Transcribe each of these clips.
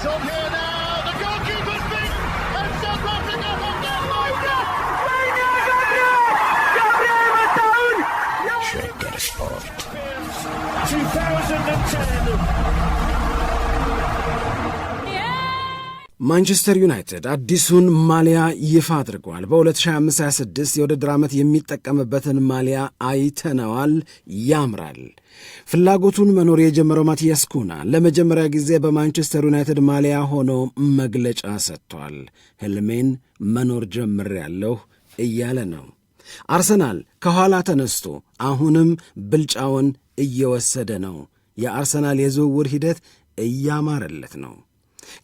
It's on here. ማንቸስተር ዩናይትድ አዲሱን ማሊያ ይፋ አድርጓል። በ2025/26 የውድድር ዓመት የሚጠቀምበትን ማሊያ አይተነዋል፣ ያምራል። ፍላጎቱን መኖር የጀመረው ማቲያስ ኩና ለመጀመሪያ ጊዜ በማንቸስተር ዩናይትድ ማሊያ ሆኖ መግለጫ ሰጥቷል። ህልሜን መኖር ጀምሬያለሁ እያለ ነው። አርሰናል ከኋላ ተነስቶ አሁንም ብልጫውን እየወሰደ ነው። የአርሰናል የዝውውር ሂደት እያማረለት ነው።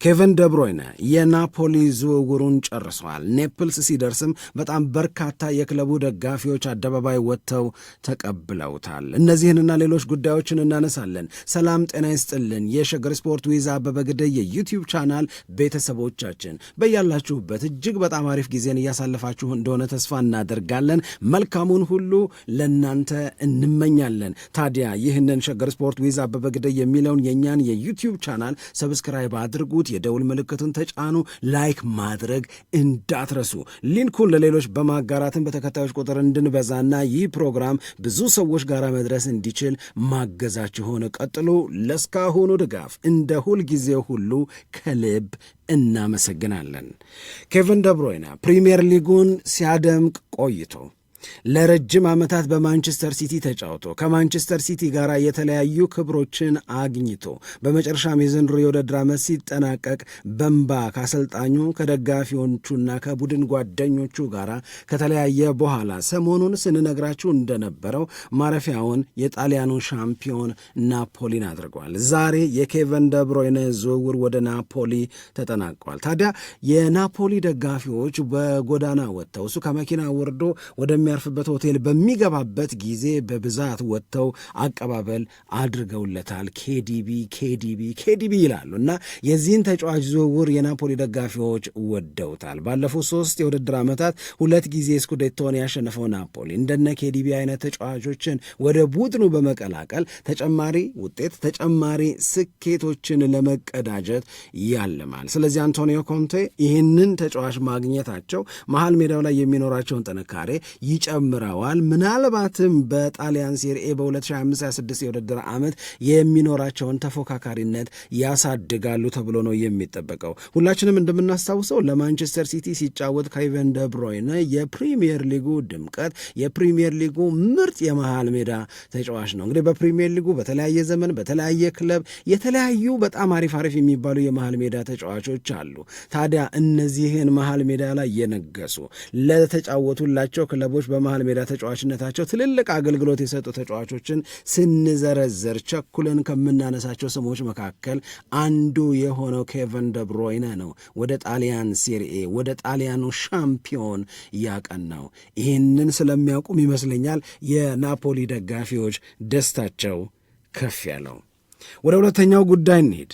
ኬቨን ደብሮይነ የናፖሊ ዝውውሩን ጨርሰዋል። ኔፕልስ ሲደርስም በጣም በርካታ የክለቡ ደጋፊዎች አደባባይ ወጥተው ተቀብለውታል። እነዚህንና ሌሎች ጉዳዮችን እናነሳለን። ሰላም ጤና ይስጥልን። የሸገር ስፖርት ዊዛ አበበ ግደይ የዩቲዩብ ቻናል ቤተሰቦቻችን በያላችሁበት እጅግ በጣም አሪፍ ጊዜን እያሳለፋችሁ እንደሆነ ተስፋ እናደርጋለን። መልካሙን ሁሉ ለእናንተ እንመኛለን። ታዲያ ይህንን ሸገር ስፖርት ዊዛ አበበ ግደይ የሚለውን የእኛን የዩቲዩብ ቻናል ሰብስክራይብ አድርጉ አድርጉት፣ የደውል ምልክቱን ተጫኑ፣ ላይክ ማድረግ እንዳትረሱ። ሊንኩን ለሌሎች በማጋራትን በተከታዮች ቁጥር እንድንበዛና ይህ ፕሮግራም ብዙ ሰዎች ጋር መድረስ እንዲችል ማገዛችሁን ቀጥሉ። ለስካሁኑ ድጋፍ እንደ ሁልጊዜ ሁሉ ከልብ እናመሰግናለን። ኬቨን ደብሮይና ፕሪምየር ሊጉን ሲያደምቅ ቆይቶ ለረጅም ዓመታት በማንቸስተር ሲቲ ተጫውቶ ከማንቸስተር ሲቲ ጋር የተለያዩ ክብሮችን አግኝቶ በመጨረሻም የዘንድሮ የውድድር ዓመት ሲጠናቀቅ በንባ ከአሰልጣኙ ከደጋፊዎቹና ከቡድን ጓደኞቹ ጋር ከተለያየ በኋላ ሰሞኑን ስንነግራችሁ እንደነበረው ማረፊያውን የጣሊያኑ ሻምፒዮን ናፖሊን አድርጓል። ዛሬ የኬቨን ደብሮይነ ዝውውር ወደ ናፖሊ ተጠናቋል። ታዲያ የናፖሊ ደጋፊዎች በጎዳና ወጥተው እሱ ከመኪና ወርዶ ወደሚያ የሚያርፍበት ሆቴል በሚገባበት ጊዜ በብዛት ወጥተው አቀባበል አድርገውለታል። ኬዲቢ ኬዲቢ ኬዲቢ ይላሉ እና የዚህን ተጫዋች ዝውውር የናፖሊ ደጋፊዎች ወደውታል። ባለፉት ሶስት የውድድር ዓመታት ሁለት ጊዜ ስኩዴቶን ያሸነፈው ናፖሊ እንደነ ኬዲቢ አይነት ተጫዋቾችን ወደ ቡድኑ በመቀላቀል ተጨማሪ ውጤት፣ ተጨማሪ ስኬቶችን ለመቀዳጀት ያልማል። ስለዚህ አንቶኒዮ ኮንቴ ይህንን ተጫዋች ማግኘታቸው መሀል ሜዳው ላይ የሚኖራቸውን ጥንካሬ ጨምረዋል። ምናልባትም በጣሊያን ሴሪኤ በ2025/26 የውድድር ዓመት የሚኖራቸውን ተፎካካሪነት ያሳድጋሉ ተብሎ ነው የሚጠበቀው። ሁላችንም እንደምናስታውሰው ለማንቸስተር ሲቲ ሲጫወት ካይቨን ደብሮይነ የፕሪሚየር ሊጉ ድምቀት፣ የፕሪሚየር ሊጉ ምርጥ የመሃል ሜዳ ተጫዋች ነው። እንግዲህ በፕሪሚየር ሊጉ በተለያየ ዘመን በተለያየ ክለብ የተለያዩ በጣም አሪፍ አሪፍ የሚባሉ የመሃል ሜዳ ተጫዋቾች አሉ። ታዲያ እነዚህን መሃል ሜዳ ላይ የነገሱ ለተጫወቱላቸው ክለቦች በመሀል ሜዳ ተጫዋችነታቸው ትልልቅ አገልግሎት የሰጡ ተጫዋቾችን ስንዘረዝር ቸኩለን ከምናነሳቸው ስሞች መካከል አንዱ የሆነው ኬቨን ደብሮይነ ነው። ወደ ጣሊያን ሴሪኤ ወደ ጣሊያኑ ሻምፒዮን ያቀናው ይህንን ስለሚያውቁም ይመስለኛል የናፖሊ ደጋፊዎች ደስታቸው ከፍ ያለው። ወደ ሁለተኛው ጉዳይ እንሄድ።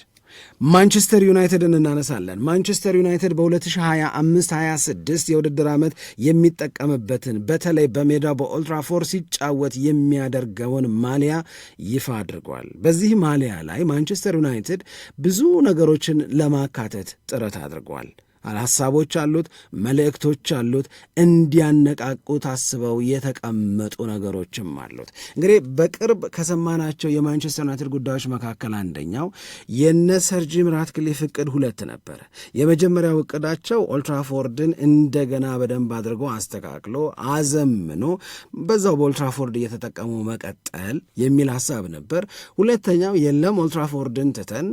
ማንቸስተር ዩናይትድን እናነሳለን። ማንቸስተር ዩናይትድ በ2025/26 የውድድር ዓመት የሚጠቀምበትን በተለይ በሜዳ በኦልትራፎር ሲጫወት የሚያደርገውን ማሊያ ይፋ አድርጓል። በዚህ ማሊያ ላይ ማንቸስተር ዩናይትድ ብዙ ነገሮችን ለማካተት ጥረት አድርጓል። ሀሳቦች አሉት፣ መልእክቶች አሉት፣ እንዲያነቃቁት አስበው የተቀመጡ ነገሮችም አሉት። እንግዲህ በቅርብ ከሰማናቸው የማንቸስተር ዩናይትድ ጉዳዮች መካከል አንደኛው የነ ሰር ጂም ራትክሊፍ እቅድ ሁለት ነበረ። የመጀመሪያው እቅዳቸው ኦልትራፎርድን እንደገና በደንብ አድርጎ አስተካክሎ አዘምኖ በዛው በኦልትራፎርድ እየተጠቀሙ መቀጠል የሚል ሀሳብ ነበር። ሁለተኛው የለም ኦልትራፎርድን ትተን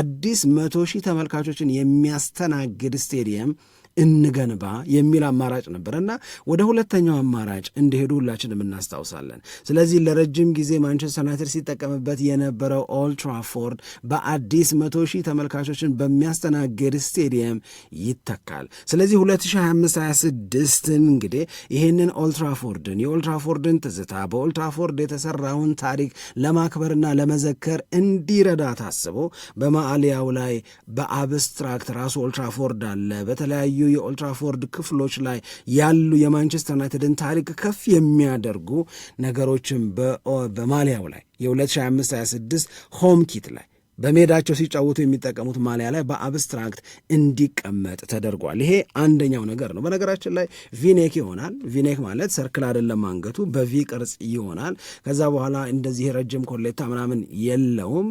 አዲስ መቶ ሺህ ተመልካቾችን የሚያስተናግድ Stadium እንገንባ የሚል አማራጭ ነበር እና ወደ ሁለተኛው አማራጭ እንደሄዱ ሁላችንም እናስታውሳለን። ስለዚህ ለረጅም ጊዜ ማንቸስተር ዩናይትድ ሲጠቀምበት የነበረው ኦልትራፎርድ በአዲስ መቶ ሺህ ተመልካቾችን በሚያስተናግድ ስቴዲየም ይተካል። ስለዚህ 2025/26ን እንግዲህ ይህንን ኦልትራፎርድን የኦልትራፎርድን ትዝታ በኦልትራፎርድ የተሰራውን ታሪክ ለማክበርና ለመዘከር እንዲረዳ ታስቦ በማሊያው ላይ በአብስትራክት ራሱ ኦልትራፎርድ አለ በተለያዩ የኦልትራፎርድ ክፍሎች ላይ ያሉ የማንቸስተር ዩናይትድን ታሪክ ከፍ የሚያደርጉ ነገሮችን በማሊያው ላይ የ 2025 ሆም ኪት ላይ በሜዳቸው ሲጫወቱ የሚጠቀሙት ማሊያ ላይ በአብስትራክት እንዲቀመጥ ተደርጓል። ይሄ አንደኛው ነገር ነው። በነገራችን ላይ ቪኔክ ይሆናል። ቪኔክ ማለት ሰርክል አይደለም፣ አንገቱ በቪ ቅርጽ ይሆናል። ከዛ በኋላ እንደዚህ ረጅም ኮሌታ ምናምን የለውም።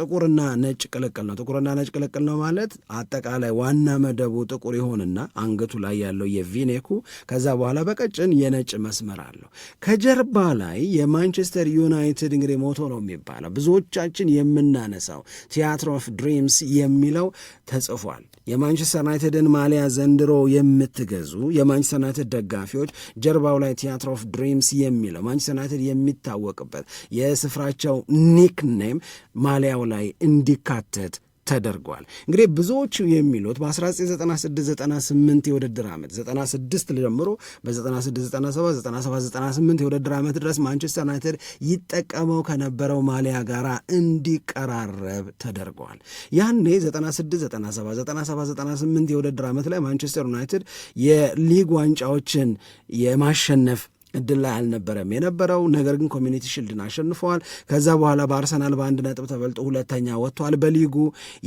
ጥቁርና ነጭ ቅልቅል ነው። ጥቁርና ነጭ ቅልቅል ነው ማለት አጠቃላይ ዋና መደቡ ጥቁር ይሆንና አንገቱ ላይ ያለው የቪኔኩ ከዛ በኋላ በቀጭን የነጭ መስመር አለው። ከጀርባ ላይ የማንቸስተር ዩናይትድ እንግዲህ ሞቶ ነው የሚባለው ብዙዎቻችን የምናነሳው ቲያትር ኦፍ ድሪምስ የሚለው ተጽፏል። የማንቸስተር ዩናይትድን ማሊያ ዘንድሮ የምትገዙ የማንቸስተር ዩናይትድ ደጋፊዎች ጀርባው ላይ ቲያትር ኦፍ ድሪምስ የሚለው ማንቸስተር ዩናይትድ የሚታወቅበት የስፍራቸው ኒክኔም ማሊያው ላይ እንዲካተት ተደርጓል። እንግዲህ ብዙዎቹ የሚሉት በ1996/98 የውድድር ዓመት 96 ጀምሮ በ96979798 የውድድር ዓመት ድረስ ማንቸስተር ዩናይትድ ይጠቀመው ከነበረው ማሊያ ጋር እንዲቀራረብ ተደርጓል። ያኔ 96979798 የውድድር ዓመት ላይ ማንቸስተር ዩናይትድ የሊግ ዋንጫዎችን የማሸነፍ እድል ላይ አልነበረም የነበረው። ነገር ግን ኮሚኒቲ ሽልድን አሸንፈዋል። ከዛ በኋላ በአርሰናል በአንድ ነጥብ ተበልጦ ሁለተኛ ወጥቷል በሊጉ።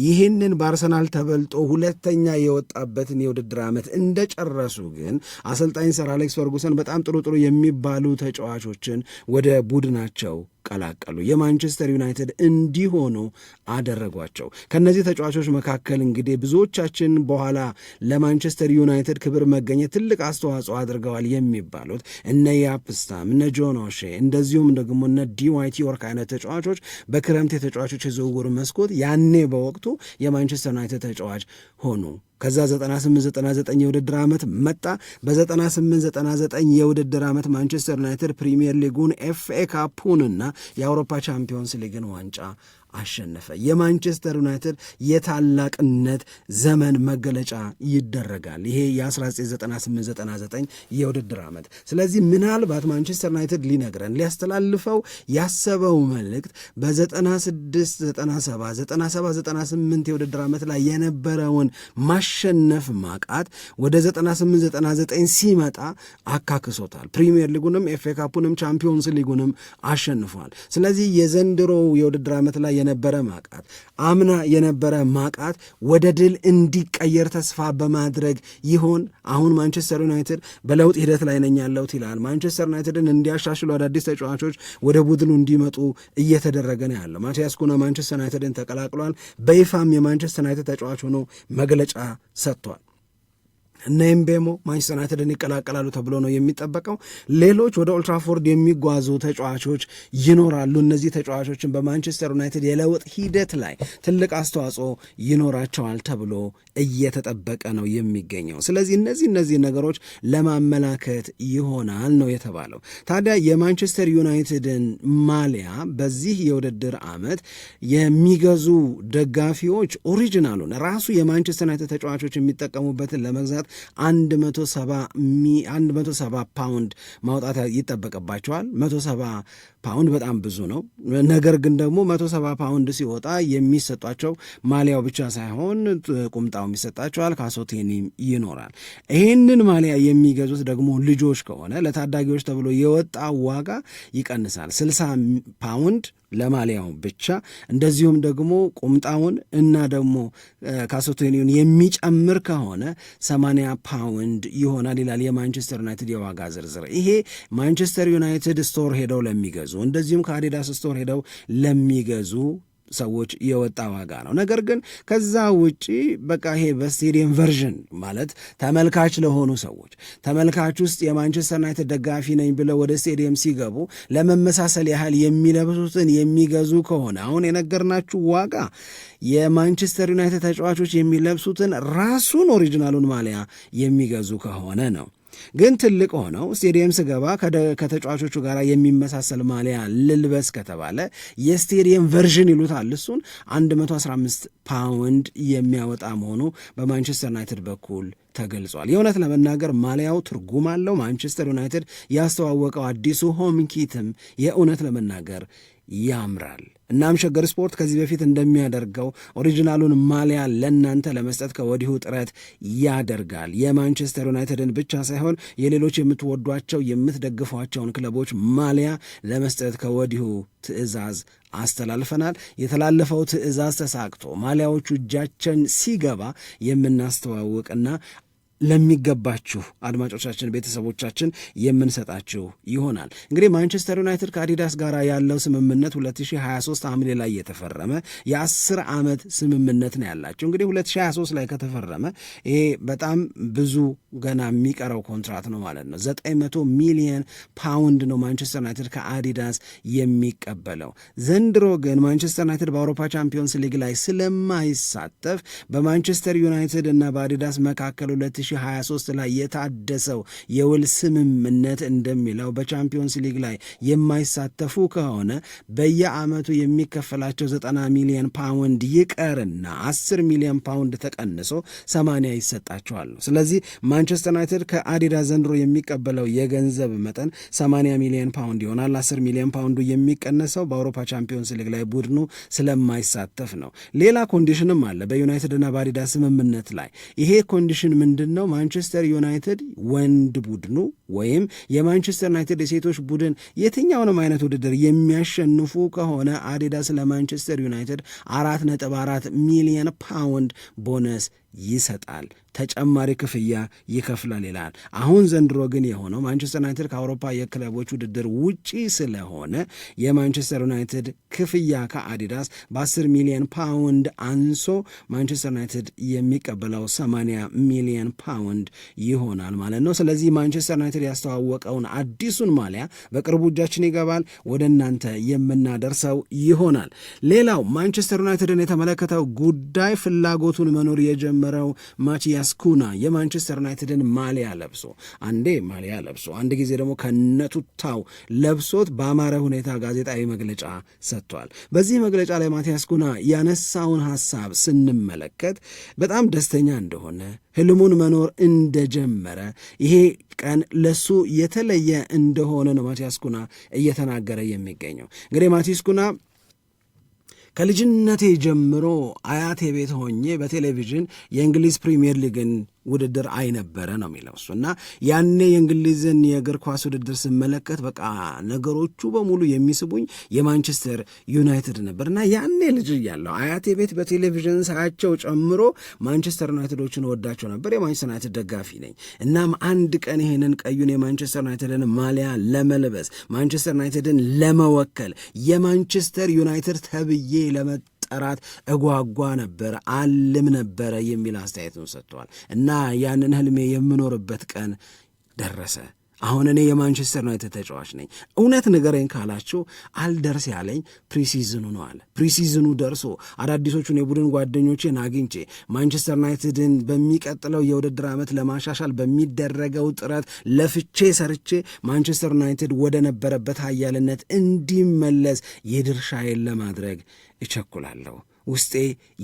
ይህንን በአርሰናል ተበልጦ ሁለተኛ የወጣበትን የውድድር ዓመት እንደጨረሱ ግን አሰልጣኝ ሰር አሌክስ ፈርጉሰን በጣም ጥሩ ጥሩ የሚባሉ ተጫዋቾችን ወደ ቡድናቸው ቀላቀሉ። የማንቸስተር ዩናይትድ እንዲሆኑ አደረጓቸው። ከነዚህ ተጫዋቾች መካከል እንግዲህ ብዙዎቻችን በኋላ ለማንቸስተር ዩናይትድ ክብር መገኘት ትልቅ አስተዋጽኦ አድርገዋል የሚባሉት እነ ያፕስታም እነ ጆኖሼ እንደዚሁም ደግሞ እነ ዲዋይት ዮርክ አይነት ተጫዋቾች በክረምት የተጫዋቾች የዝውውር መስኮት ያኔ በወቅቱ የማንቸስተር ዩናይትድ ተጫዋች ሆኑ። ከዛ 9899 የውድድር ዓመት መጣ። በ9899 የውድድር ዓመት ማንቸስተር ዩናይትድ ፕሪሚየር ሊጉን፣ ኤፍኤ ካፑንና የአውሮፓ ቻምፒዮንስ ሊግን ዋንጫ አሸነፈ። የማንቸስተር ዩናይትድ የታላቅነት ዘመን መገለጫ ይደረጋል ይሄ የ1998/99 የውድድር ዓመት። ስለዚህ ምናልባት ማንቸስተር ዩናይትድ ሊነግረን ሊያስተላልፈው ያሰበው መልእክት በ96979798 የውድድር ዓመት ላይ የነበረውን ማሸነፍ ማቃት ወደ 9899 ሲመጣ አካክሶታል። ፕሪሚየር ሊጉንም ኤፍ ኤ ካፑንም ቻምፒዮንስ ሊጉንም አሸንፏል። ስለዚህ የዘንድሮው የውድድር ዓመት ላይ የነበረ ማቃት አምና የነበረ ማቃት ወደ ድል እንዲቀየር ተስፋ በማድረግ ይሆን አሁን ማንቸስተር ዩናይትድ በለውጥ ሂደት ላይ ነኝ ያለሁት ይላል። ማንቸስተር ዩናይትድን እንዲያሻሽሉ አዳዲስ ተጫዋቾች ወደ ቡድኑ እንዲመጡ እየተደረገ ነው ያለው። ማቲያስ ኩና ማንቸስተር ዩናይትድን ተቀላቅሏል። በይፋም የማንቸስተር ዩናይትድ ተጫዋች ሆኖ መግለጫ ሰጥቷል። እነ ኤምቤሞ ማንቸስተር ዩናይትድን ይቀላቀላሉ ተብሎ ነው የሚጠበቀው። ሌሎች ወደ ኦልትራፎርድ የሚጓዙ ተጫዋቾች ይኖራሉ። እነዚህ ተጫዋቾችን በማንቸስተር ዩናይትድ የለውጥ ሂደት ላይ ትልቅ አስተዋጽኦ ይኖራቸዋል ተብሎ እየተጠበቀ ነው የሚገኘው። ስለዚህ እነዚህ እነዚህ ነገሮች ለማመላከት ይሆናል ነው የተባለው። ታዲያ የማንቸስተር ዩናይትድን ማሊያ በዚህ የውድድር ዓመት የሚገዙ ደጋፊዎች ኦሪጂናሉን ራሱ የማንቸስተር ዩናይትድ ተጫዋቾች የሚጠቀሙበትን ለመግዛት 170 ፓውንድ ማውጣት ይጠበቅባቸዋል። 170 ፓውንድ በጣም ብዙ ነው። ነገር ግን ደግሞ 170 ፓውንድ ሲወጣ የሚሰጧቸው ማሊያው ብቻ ሳይሆን ቁምጣውም ይሰጣቸዋል፣ ካሶቴኒም ይኖራል። ይህንን ማሊያ የሚገዙት ደግሞ ልጆች ከሆነ ለታዳጊዎች ተብሎ የወጣ ዋጋ ይቀንሳል። 60 ፓውንድ ለማሊያው ብቻ እንደዚሁም ደግሞ ቁምጣውን እና ደግሞ ካሶቴኒውን የሚጨምር ከሆነ 80 ፓውንድ ይሆናል ይላል የማንቸስተር ዩናይትድ የዋጋ ዝርዝር። ይሄ ማንቸስተር ዩናይትድ ስቶር ሄደው ለሚገዙ እንደዚሁም ከአዲዳስ ስቶር ሄደው ለሚገዙ ሰዎች የወጣ ዋጋ ነው። ነገር ግን ከዛ ውጪ በቃ ይሄ በስቴዲየም ቨርዥን ማለት ተመልካች ለሆኑ ሰዎች ተመልካች ውስጥ የማንቸስተር ዩናይትድ ደጋፊ ነኝ ብለው ወደ ስቴዲየም ሲገቡ ለመመሳሰል ያህል የሚለብሱትን የሚገዙ ከሆነ አሁን የነገርናችሁ ዋጋ የማንቸስተር ዩናይትድ ተጫዋቾች የሚለብሱትን ራሱን ኦሪጂናሉን ማሊያ የሚገዙ ከሆነ ነው። ግን ትልቅ ሆነው ስቴዲየም ስገባ ከተጫዋቾቹ ጋር የሚመሳሰል ማሊያ ልልበስ ከተባለ የስቴዲየም ቨርዥን ይሉታል እሱን 115 ፓውንድ የሚያወጣ መሆኑ በማንቸስተር ዩናይትድ በኩል ተገልጿል። የእውነት ለመናገር ማሊያው ትርጉም አለው። ማንቸስተር ዩናይትድ ያስተዋወቀው አዲሱ ሆም ኪትም የእውነት ለመናገር ያምራል። እናም ሸገር ስፖርት ከዚህ በፊት እንደሚያደርገው ኦሪጂናሉን ማሊያ ለእናንተ ለመስጠት ከወዲሁ ጥረት ያደርጋል። የማንቸስተር ዩናይትድን ብቻ ሳይሆን የሌሎች የምትወዷቸው የምትደግፏቸውን ክለቦች ማሊያ ለመስጠት ከወዲሁ ትዕዛዝ አስተላልፈናል። የተላለፈው ትዕዛዝ ተሳክቶ ማሊያዎቹ እጃችን ሲገባ የምናስተዋውቅና ለሚገባችሁ አድማጮቻችን፣ ቤተሰቦቻችን የምንሰጣችሁ ይሆናል። እንግዲህ ማንቸስተር ዩናይትድ ከአዲዳስ ጋር ያለው ስምምነት 2023 ሐምሌ ላይ የተፈረመ የ10 ዓመት ስምምነት ነው ያላቸው። እንግዲህ 2023 ላይ ከተፈረመ ይሄ በጣም ብዙ ገና የሚቀረው ኮንትራት ነው ማለት ነው። 900 ሚሊየን ፓውንድ ነው ማንቸስተር ዩናይትድ ከአዲዳስ የሚቀበለው። ዘንድሮ ግን ማንቸስተር ዩናይትድ በአውሮፓ ቻምፒዮንስ ሊግ ላይ ስለማይሳተፍ በማንቸስተር ዩናይትድ እና በአዲዳስ መካከል 2023 ላይ የታደሰው የውል ስምምነት እንደሚለው በቻምፒዮንስ ሊግ ላይ የማይሳተፉ ከሆነ በየዓመቱ የሚከፈላቸው 90 ሚሊዮን ፓውንድ ይቀርና 10 ሚሊዮን ፓውንድ ተቀንሶ 80 ይሰጣቸዋል ነው። ስለዚህ ማንቸስተር ዩናይትድ ከአዲዳ ዘንድሮ የሚቀበለው የገንዘብ መጠን 80 ሚሊዮን ፓውንድ ይሆናል። 10 ሚሊዮን ፓውንዱ የሚቀነሰው በአውሮፓ ቻምፒዮንስ ሊግ ላይ ቡድኑ ስለማይሳተፍ ነው። ሌላ ኮንዲሽንም አለ በዩናይትድ እና በአዲዳ ስምምነት ላይ ይሄ ኮንዲሽን ምንድን ነው? ነው ማንቸስተር ዩናይትድ ወንድ ቡድኑ ወይም የማንቸስተር ዩናይትድ የሴቶች ቡድን የትኛውንም አይነት ውድድር የሚያሸንፉ ከሆነ አዲዳስ ለማንቸስተር ዩናይትድ አራት ነጥብ አራት ሚሊየን ፓውንድ ቦነስ ይሰጣል፣ ተጨማሪ ክፍያ ይከፍላል ይላል። አሁን ዘንድሮ ግን የሆነው ማንቸስተር ዩናይትድ ከአውሮፓ የክለቦች ውድድር ውጪ ስለሆነ የማንቸስተር ዩናይትድ ክፍያ ከአዲዳስ በ10 ሚሊዮን ፓውንድ አንሶ ማንቸስተር ዩናይትድ የሚቀበለው 80 ሚሊዮን ፓውንድ ይሆናል ማለት ነው። ስለዚህ ማንቸስተር ዩናይትድ ያስተዋወቀውን አዲሱን ማሊያ በቅርቡ እጃችን ይገባል፣ ወደ እናንተ የምናደርሰው ይሆናል። ሌላው ማንቸስተር ዩናይትድን የተመለከተው ጉዳይ ፍላጎቱን መኖር የጀመ የጀመረው ማቲያስ ኩና የማንቸስተር ዩናይትድን ማሊያ ለብሶ አንዴ ማሊያ ለብሶ አንድ ጊዜ ደግሞ ከነቱታው ለብሶት በአማረ ሁኔታ ጋዜጣዊ መግለጫ ሰጥቷል። በዚህ መግለጫ ላይ ማቲያስ ኩና ያነሳውን ሀሳብ ስንመለከት በጣም ደስተኛ እንደሆነ ህልሙን መኖር እንደጀመረ ይሄ ቀን ለሱ የተለየ እንደሆነ ነው ማቲያስ ኩና እየተናገረ የሚገኘው እንግዲህ ማቲያስ ኩና ከልጅነቴ ጀምሮ አያቴ ቤት ሆኜ በቴሌቪዥን የእንግሊዝ ፕሪምየር ሊግን ውድድር አይነበረ ነው የሚለው እሱ እና ያኔ የእንግሊዝን የእግር ኳስ ውድድር ስመለከት በቃ ነገሮቹ በሙሉ የሚስቡኝ የማንቸስተር ዩናይትድ ነበር እና ያኔ ልጅ እያለሁ አያቴ ቤት በቴሌቪዥን ሳያቸው ጨምሮ ማንቸስተር ዩናይትዶችን ወዳቸው ነበር። የማንቸስተር ዩናይትድ ደጋፊ ነኝ። እናም አንድ ቀን ይሄንን ቀዩን የማንቸስተር ዩናይትድን ማሊያ ለመልበስ ማንቸስተር ዩናይትድን ለመወከል የማንቸስተር ዩናይትድ ተብዬ ለመ እንዲጠራት እጓጓ ነበር፣ አልም ነበረ የሚል አስተያየትን ሰጥተዋል። እና ያንን ህልሜ የምኖርበት ቀን ደረሰ አሁን እኔ የማንቸስተር ዩናይትድ ተጫዋች ነኝ እውነት ንገረኝ ካላችሁ አልደርስ ያለኝ ፕሪሲዝኑ ነው አለ። ፕሪሲዝኑ ደርሶ አዳዲሶቹን የቡድን ጓደኞቼን አግኝቼ ማንቸስተር ዩናይትድን በሚቀጥለው የውድድር ዓመት ለማሻሻል በሚደረገው ጥረት ለፍቼ ሰርቼ ማንቸስተር ዩናይትድ ወደ ነበረበት ኃያልነት እንዲመለስ የድርሻዬን ለማድረግ እቸኩላለሁ። ውስጤ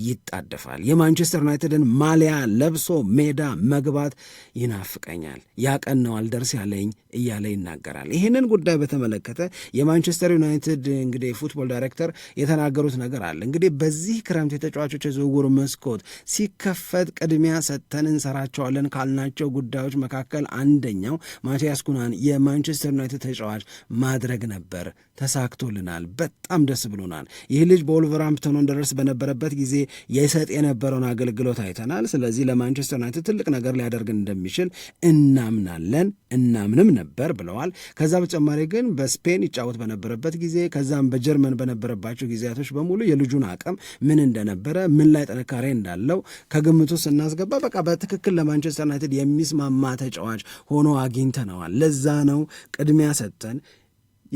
ይጣደፋል። የማንቸስተር ዩናይትድን ማሊያ ለብሶ ሜዳ መግባት ይናፍቀኛል። ያቀን ነው አልደርስ ያለኝ እያለ ይናገራል። ይህንን ጉዳይ በተመለከተ የማንቸስተር ዩናይትድ እንግዲህ ፉትቦል ዳይሬክተር የተናገሩት ነገር አለ። እንግዲህ በዚህ ክረምት የተጫዋቾች የዝውውር መስኮት ሲከፈት ቅድሚያ ሰጥተን እንሰራቸዋለን ካልናቸው ጉዳዮች መካከል አንደኛው ማቲያስ ኩናን የማንቸስተር ዩናይትድ ተጫዋች ማድረግ ነበር። ተሳክቶልናል። በጣም ደስ ብሎናል። ይህ ልጅ በወልቨርሃምፕተን ወንደረርስ በነበረበት ጊዜ የሰጥ የነበረውን አገልግሎት አይተናል። ስለዚህ ለማንቸስተር ዩናይትድ ትልቅ ነገር ሊያደርግ እንደሚችል እናምናለን እናምንም ነበር ብለዋል። ከዛ በተጨማሪ ግን በስፔን ይጫወት በነበረበት ጊዜ ከዛም በጀርመን በነበረባቸው ጊዜያቶች በሙሉ የልጁን አቅም ምን እንደነበረ ምን ላይ ጥንካሬ እንዳለው ከግምቱ ስናስገባ በቃ በትክክል ለማንቸስተር ዩናይትድ የሚስማማ ተጫዋች ሆኖ አግኝተነዋል። ለዛ ነው ቅድሚያ ሰጥተን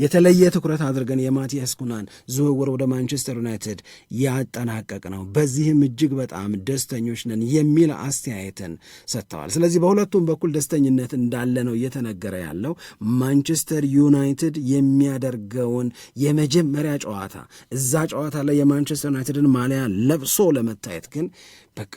የተለየ ትኩረት አድርገን የማቲያስ ኩናን ዝውውር ወደ ማንቸስተር ዩናይትድ ያጠናቀቅ ነው። በዚህም እጅግ በጣም ደስተኞች ነን የሚል አስተያየትን ሰጥተዋል። ስለዚህ በሁለቱም በኩል ደስተኝነት እንዳለ ነው እየተነገረ ያለው። ማንቸስተር ዩናይትድ የሚያደርገውን የመጀመሪያ ጨዋታ እዛ ጨዋታ ላይ የማንቸስተር ዩናይትድን ማሊያ ለብሶ ለመታየት ግን በቃ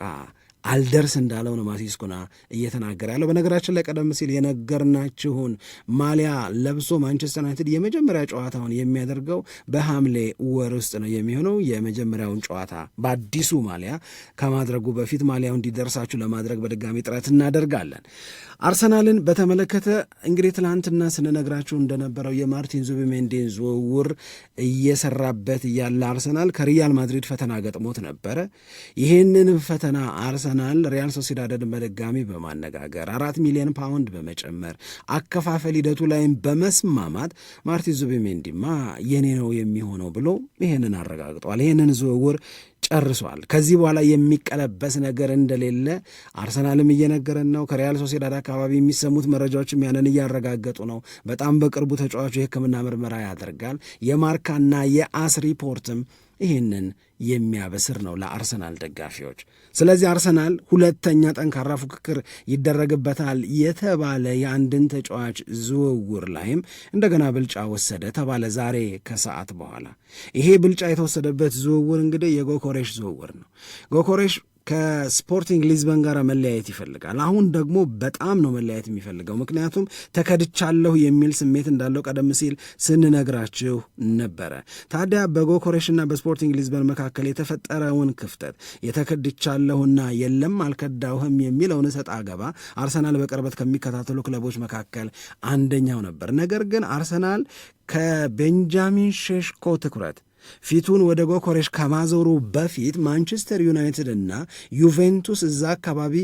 አልደርስ እንዳለው ነው ማሲስኩና እየተናገረ ያለው። በነገራችን ላይ ቀደም ሲል የነገርናችሁን ማሊያ ለብሶ ማንቸስተር ዩናይትድ የመጀመሪያ ጨዋታውን የሚያደርገው በሐምሌ ወር ውስጥ ነው የሚሆነው። የመጀመሪያውን ጨዋታ በአዲሱ ማሊያ ከማድረጉ በፊት ማሊያው እንዲደርሳችሁ ለማድረግ በድጋሚ ጥረት እናደርጋለን። አርሰናልን በተመለከተ እንግዲህ ትላንትና ስንነግራችሁ እንደነበረው የማርቲን ዙቢሜንዴን ዝውውር እየሰራበት እያለ አርሰናል ከሪያል ማድሪድ ፈተና ገጥሞት ነበረ። ይህንን ፈተና አርሰናል አርሰናል ሪያል ሶሲዳደድን በድጋሚ በማነጋገር አራት ሚሊዮን ፓውንድ በመጨመር አከፋፈል ሂደቱ ላይም በመስማማት ማርቲን ዙቢሜንዲማ የኔ ነው የሚሆነው ብሎ ይህንን አረጋግጧል። ይህንን ዝውውር ጨርሷል። ከዚህ በኋላ የሚቀለበስ ነገር እንደሌለ አርሰናልም እየነገረን ነው። ከሪያል ሶሴዳድ አካባቢ የሚሰሙት መረጃዎችም ያንን እያረጋገጡ ነው። በጣም በቅርቡ ተጫዋቹ የሕክምና ምርመራ ያደርጋል። የማርካና የአስ ሪፖርትም ይህንን የሚያበስር ነው ለአርሰናል ደጋፊዎች። ስለዚህ አርሰናል ሁለተኛ ጠንካራ ፉክክር ይደረግበታል የተባለ የአንድን ተጫዋች ዝውውር ላይም እንደገና ብልጫ ወሰደ ተባለ ዛሬ ከሰዓት በኋላ። ይሄ ብልጫ የተወሰደበት ዝውውር እንግዲህ የጎኮሬሽ ዝውውር ነው። ጎኮሬሽ ከስፖርቲንግ ሊዝበን ጋር መለያየት ይፈልጋል። አሁን ደግሞ በጣም ነው መለያየት የሚፈልገው፣ ምክንያቱም ተከድቻለሁ የሚል ስሜት እንዳለው ቀደም ሲል ስንነግራችሁ ነበረ። ታዲያ በጎኮሬሽና በስፖርቲንግ ሊዝበን መካከል የተፈጠረውን ክፍተት የተከድቻለሁና የለም አልከዳውህም የሚለውን እሰጥ አገባ አርሰናል በቅርበት ከሚከታተሉ ክለቦች መካከል አንደኛው ነበር። ነገር ግን አርሰናል ከቤንጃሚን ሼሽኮ ትኩረት ፊቱን ወደ ጎኮሬሽ ከማዞሩ በፊት ማንቸስተር ዩናይትድ እና ዩቬንቱስ እዛ አካባቢ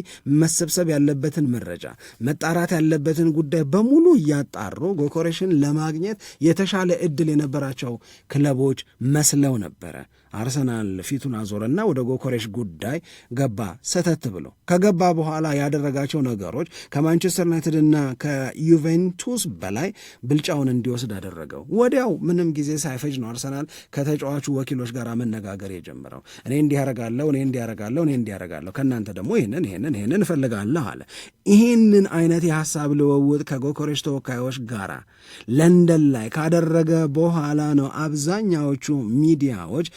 መሰብሰብ ያለበትን መረጃ መጣራት ያለበትን ጉዳይ በሙሉ እያጣሩ ጎኮሬሽን ለማግኘት የተሻለ እድል የነበራቸው ክለቦች መስለው ነበረ። አርሰናል ፊቱን አዞረና ወደ ጎኮሬሽ ጉዳይ ገባ። ሰተት ብሎ ከገባ በኋላ ያደረጋቸው ነገሮች ከማንቸስተር ዩናይትድና ከዩቬንቱስ በላይ ብልጫውን እንዲወስድ አደረገው። ወዲያው ምንም ጊዜ ሳይፈጅ ነው አርሰናል ከተጫዋቹ ወኪሎች ጋር መነጋገር የጀመረው። እኔ እንዲያረጋለሁ፣ እኔ እንዲያረጋለሁ፣ እኔ እንዲያረጋለሁ፣ ከእናንተ ደግሞ ይህንን ይህንን ይህንን እፈልጋለሁ አለ። ይህንን አይነት የሀሳብ ልውውጥ ከጎኮሬሽ ተወካዮች ጋር ለንደን ላይ ካደረገ በኋላ ነው አብዛኛዎቹ ሚዲያዎች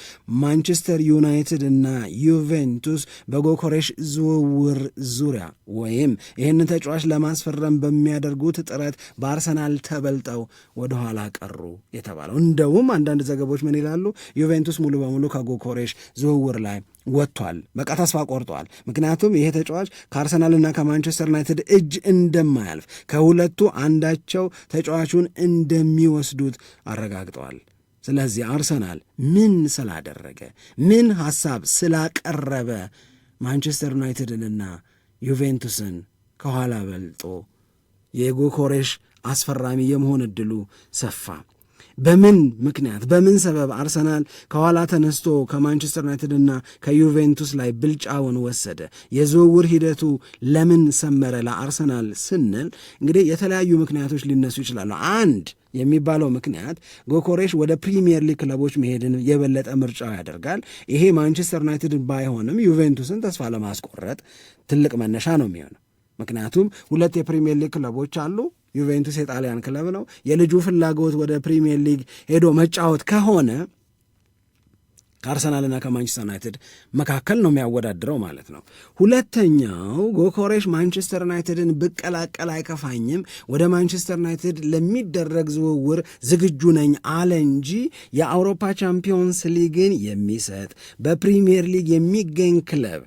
ማንቸስተር ዩናይትድ እና ዩቬንቱስ በጎኮሬሽ ዝውውር ዙሪያ ወይም ይህንን ተጫዋች ለማስፈረም በሚያደርጉት ጥረት በአርሰናል ተበልጠው ወደኋላ ቀሩ የተባለው። እንደውም አንዳንድ ዘገቦች ምን ይላሉ? ዩቬንቱስ ሙሉ በሙሉ ከጎኮሬሽ ዝውውር ላይ ወጥቷል። በቃ ተስፋ ቆርጠዋል። ምክንያቱም ይሄ ተጫዋች ከአርሰናልና ከማንቸስተር ዩናይትድ እጅ እንደማያልፍ ከሁለቱ አንዳቸው ተጫዋቹን እንደሚወስዱት አረጋግጠዋል። ስለዚህ አርሰናል ምን ስላደረገ ምን ሐሳብ ስላቀረበ ማንቸስተር ዩናይትድንና ዩቬንቱስን ከኋላ በልጦ የጎኮሬሽ አስፈራሚ የመሆን ዕድሉ ሰፋ። በምን ምክንያት በምን ሰበብ አርሰናል ከኋላ ተነስቶ ከማንቸስተር ዩናይትድና ከዩቬንቱስ ላይ ብልጫውን ወሰደ? የዝውውር ሂደቱ ለምን ሰመረ ለአርሰናል ስንል እንግዲህ የተለያዩ ምክንያቶች ሊነሱ ይችላሉ። አንድ የሚባለው ምክንያት ጎኮሬሽ ወደ ፕሪሚየር ሊግ ክለቦች መሄድን የበለጠ ምርጫው ያደርጋል። ይሄ ማንቸስተር ዩናይትድ ባይሆንም ዩቬንቱስን ተስፋ ለማስቆረጥ ትልቅ መነሻ ነው የሚሆነው። ምክንያቱም ሁለት የፕሪሚየር ሊግ ክለቦች አሉ። ዩቬንቱስ የጣሊያን ክለብ ነው። የልጁ ፍላጎት ወደ ፕሪሚየር ሊግ ሄዶ መጫወት ከሆነ ከአርሰናልና ከማንቸስተር ዩናይትድ መካከል ነው የሚያወዳድረው ማለት ነው። ሁለተኛው ጎኮሬሽ ማንቸስተር ዩናይትድን ብቀላቀል አይከፋኝም፣ ወደ ማንቸስተር ዩናይትድ ለሚደረግ ዝውውር ዝግጁ ነኝ አለ እንጂ የአውሮፓ ቻምፒዮንስ ሊግን የሚሰጥ በፕሪምየር ሊግ የሚገኝ ክለብ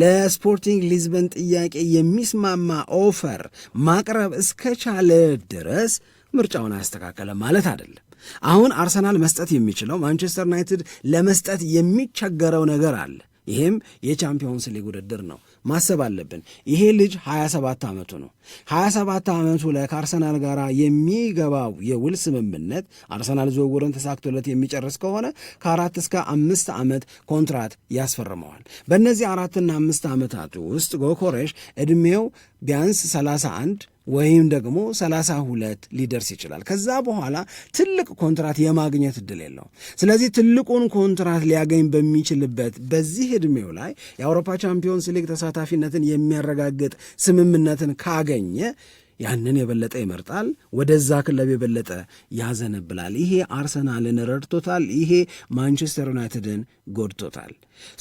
ለስፖርቲንግ ሊዝበን ጥያቄ የሚስማማ ኦፈር ማቅረብ እስከቻለ ድረስ ምርጫውን አያስተካከለም ማለት አይደለም። አሁን አርሰናል መስጠት የሚችለው ማንቸስተር ዩናይትድ ለመስጠት የሚቸገረው ነገር አለ። ይሄም የቻምፒዮንስ ሊግ ውድድር ነው። ማሰብ አለብን። ይሄ ልጅ 27 ዓመቱ ነው። 27 ዓመቱ ላይ ከአርሰናል ጋር የሚገባው የውል ስምምነት አርሰናል ዝውውርን ተሳክቶለት የሚጨርስ ከሆነ ከአራት እስከ አምስት ዓመት ኮንትራት ያስፈርመዋል። በእነዚህ አራትና አምስት ዓመታት ውስጥ ጎኮሬሽ ዕድሜው ቢያንስ 31 ወይም ደግሞ 32 ሊደርስ ይችላል። ከዛ በኋላ ትልቅ ኮንትራት የማግኘት እድል የለውም። ስለዚህ ትልቁን ኮንትራት ሊያገኝ በሚችልበት በዚህ ዕድሜው ላይ የአውሮፓ ቻምፒዮንስ ሊግ ተሳታፊነትን የሚያረጋግጥ ስምምነትን ካገኘ ያንን የበለጠ ይመርጣል፣ ወደዛ ክለብ የበለጠ ያዘነብላል። ይሄ አርሰናልን ረድቶታል። ይሄ ማንቸስተር ዩናይትድን ጎድቶታል።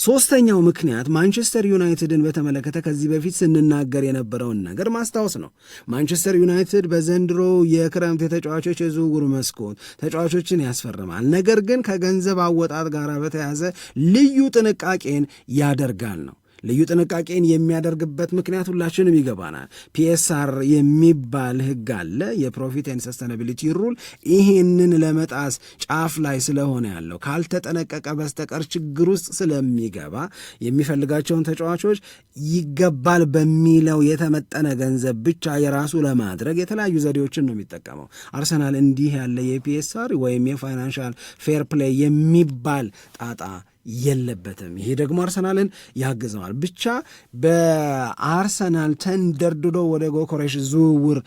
ሶስተኛው ምክንያት ማንቸስተር ዩናይትድን በተመለከተ ከዚህ በፊት ስንናገር የነበረውን ነገር ማስታወስ ነው። ማንቸስተር ዩናይትድ በዘንድሮ የክረምት የተጫዋቾች የዝውውር መስኮት ተጫዋቾችን ያስፈርማል። ነገር ግን ከገንዘብ አወጣት ጋር በተያያዘ ልዩ ጥንቃቄን ያደርጋል ነው ልዩ ጥንቃቄን የሚያደርግበት ምክንያት ሁላችንም ይገባናል። ፒኤስአር የሚባል ህግ አለ፣ የፕሮፊት ኤንድ ሰስተናቢሊቲ ሩል። ይህንን ለመጣስ ጫፍ ላይ ስለሆነ ያለው ካልተጠነቀቀ በስተቀር ችግር ውስጥ ስለሚገባ የሚፈልጋቸውን ተጫዋቾች ይገባል በሚለው የተመጠነ ገንዘብ ብቻ የራሱ ለማድረግ የተለያዩ ዘዴዎችን ነው የሚጠቀመው። አርሰናል እንዲህ ያለ የፒኤስአር ወይም የፋይናንሻል ፌር ፕሌይ የሚባል ጣጣ የለበትም። ይሄ ደግሞ አርሰናልን ያግዘዋል። ብቻ በአርሰናል ተንደርድዶ ወደ ጎኮሬሽ ዝውውር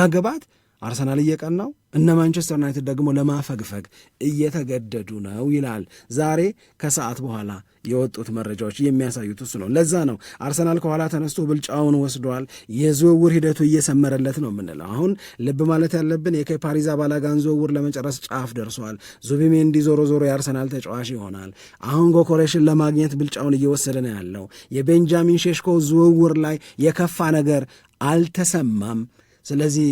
መግባት አርሰናል እየቀናው እነ ማንቸስተር ዩናይትድ ደግሞ ለማፈግፈግ እየተገደዱ ነው ይላል። ዛሬ ከሰዓት በኋላ የወጡት መረጃዎች የሚያሳዩት እሱ ነው። ለዛ ነው አርሰናል ከኋላ ተነስቶ ብልጫውን ወስዷል፣ የዝውውር ሂደቱ እየሰመረለት ነው የምንለው። አሁን ልብ ማለት ያለብን የከፓሪዝ አባላጋን ዝውውር ለመጨረስ ጫፍ ደርሷል። ዙቢሜንዲ ዞሮ ዞሮ የአርሰናል ተጫዋች ይሆናል። አሁን ጎኮሬሽን ለማግኘት ብልጫውን እየወሰደ ነው ያለው። የቤንጃሚን ሼሽኮ ዝውውር ላይ የከፋ ነገር አልተሰማም። ስለዚህ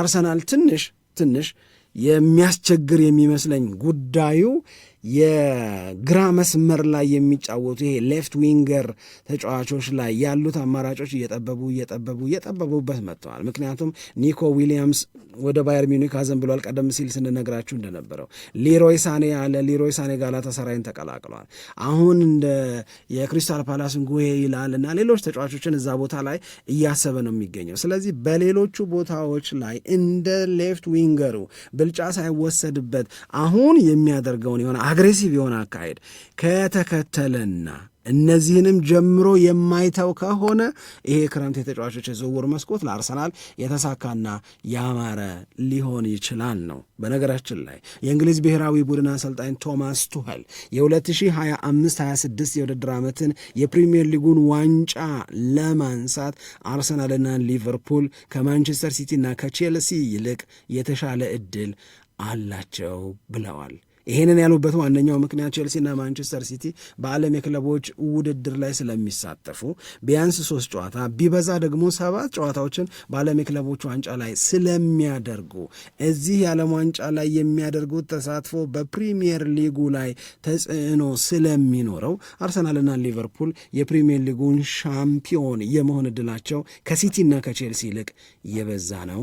አርሰናል ትንሽ ትንሽ የሚያስቸግር የሚመስለኝ ጉዳዩ የግራ መስመር ላይ የሚጫወቱ ይሄ ሌፍት ዊንገር ተጫዋቾች ላይ ያሉት አማራጮች እየጠበቡ እየጠበቡ እየጠበቡበት መጥተዋል። ምክንያቱም ኒኮ ዊሊያምስ ወደ ባየር ሚኒክ አዘን ብሏል። ቀደም ሲል ስንነግራችሁ እንደነበረው ሊሮይ ሳኔ አለ። ሊሮይ ሳኔ ጋላታሳራይን ተቀላቅሏል። አሁን እንደ የክሪስታል ፓላስን ጉሄ ይላል እና ሌሎች ተጫዋቾችን እዛ ቦታ ላይ እያሰበ ነው የሚገኘው። ስለዚህ በሌሎቹ ቦታዎች ላይ እንደ ሌፍት ዊንገሩ ብልጫ ሳይወሰድበት አሁን የሚያደርገውን የሆነ አግሬሲቭ የሆነ አካሄድ ከተከተለና እነዚህንም ጀምሮ የማይተው ከሆነ ይሄ ክረምት የተጫዋቾች የዝውውር መስኮት ለአርሰናል የተሳካና ያማረ ሊሆን ይችላል ነው። በነገራችን ላይ የእንግሊዝ ብሔራዊ ቡድን አሰልጣኝ ቶማስ ቱኸል የ2025/26 የውድድር ዓመትን የፕሪምየር ሊጉን ዋንጫ ለማንሳት አርሰናልና ሊቨርፑል ከማንቸስተር ሲቲና ከቼልሲ ይልቅ የተሻለ ዕድል አላቸው ብለዋል። ይህንን ያሉበት ዋነኛው ምክንያት ቼልሲና ማንቸስተር ሲቲ በዓለም የክለቦች ውድድር ላይ ስለሚሳተፉ ቢያንስ ሶስት ጨዋታ ቢበዛ ደግሞ ሰባት ጨዋታዎችን በዓለም የክለቦች ዋንጫ ላይ ስለሚያደርጉ እዚህ የዓለም ዋንጫ ላይ የሚያደርጉት ተሳትፎ በፕሪሚየር ሊጉ ላይ ተጽዕኖ ስለሚኖረው አርሰናልና ሊቨርፑል የፕሪሚየር ሊጉን ሻምፒዮን የመሆን ዕድላቸው ከሲቲና ከቼልሲ ይልቅ የበዛ ነው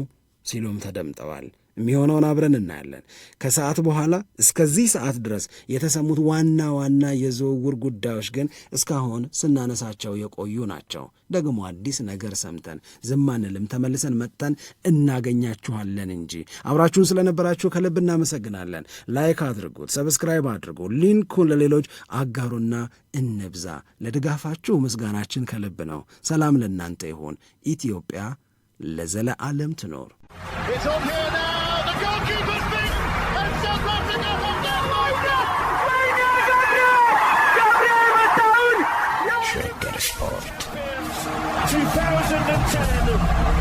ሲሉም ተደምጠዋል። የሚሆነውን አብረን እናያለን። ከሰዓት በኋላ እስከዚህ ሰዓት ድረስ የተሰሙት ዋና ዋና የዝውውር ጉዳዮች ግን እስካሁን ስናነሳቸው የቆዩ ናቸው። ደግሞ አዲስ ነገር ሰምተን ዝም አንልም፣ ተመልሰን መጥተን እናገኛችኋለን እንጂ። አብራችሁን ስለነበራችሁ ከልብ እናመሰግናለን። ላይክ አድርጉት፣ ሰብስክራይብ አድርጉ፣ ሊንኩን ለሌሎች አጋሩና እንብዛ። ለድጋፋችሁ ምስጋናችን ከልብ ነው። ሰላም ለእናንተ ይሁን። ኢትዮጵያ ለዘለዓለም ትኖር። 2010.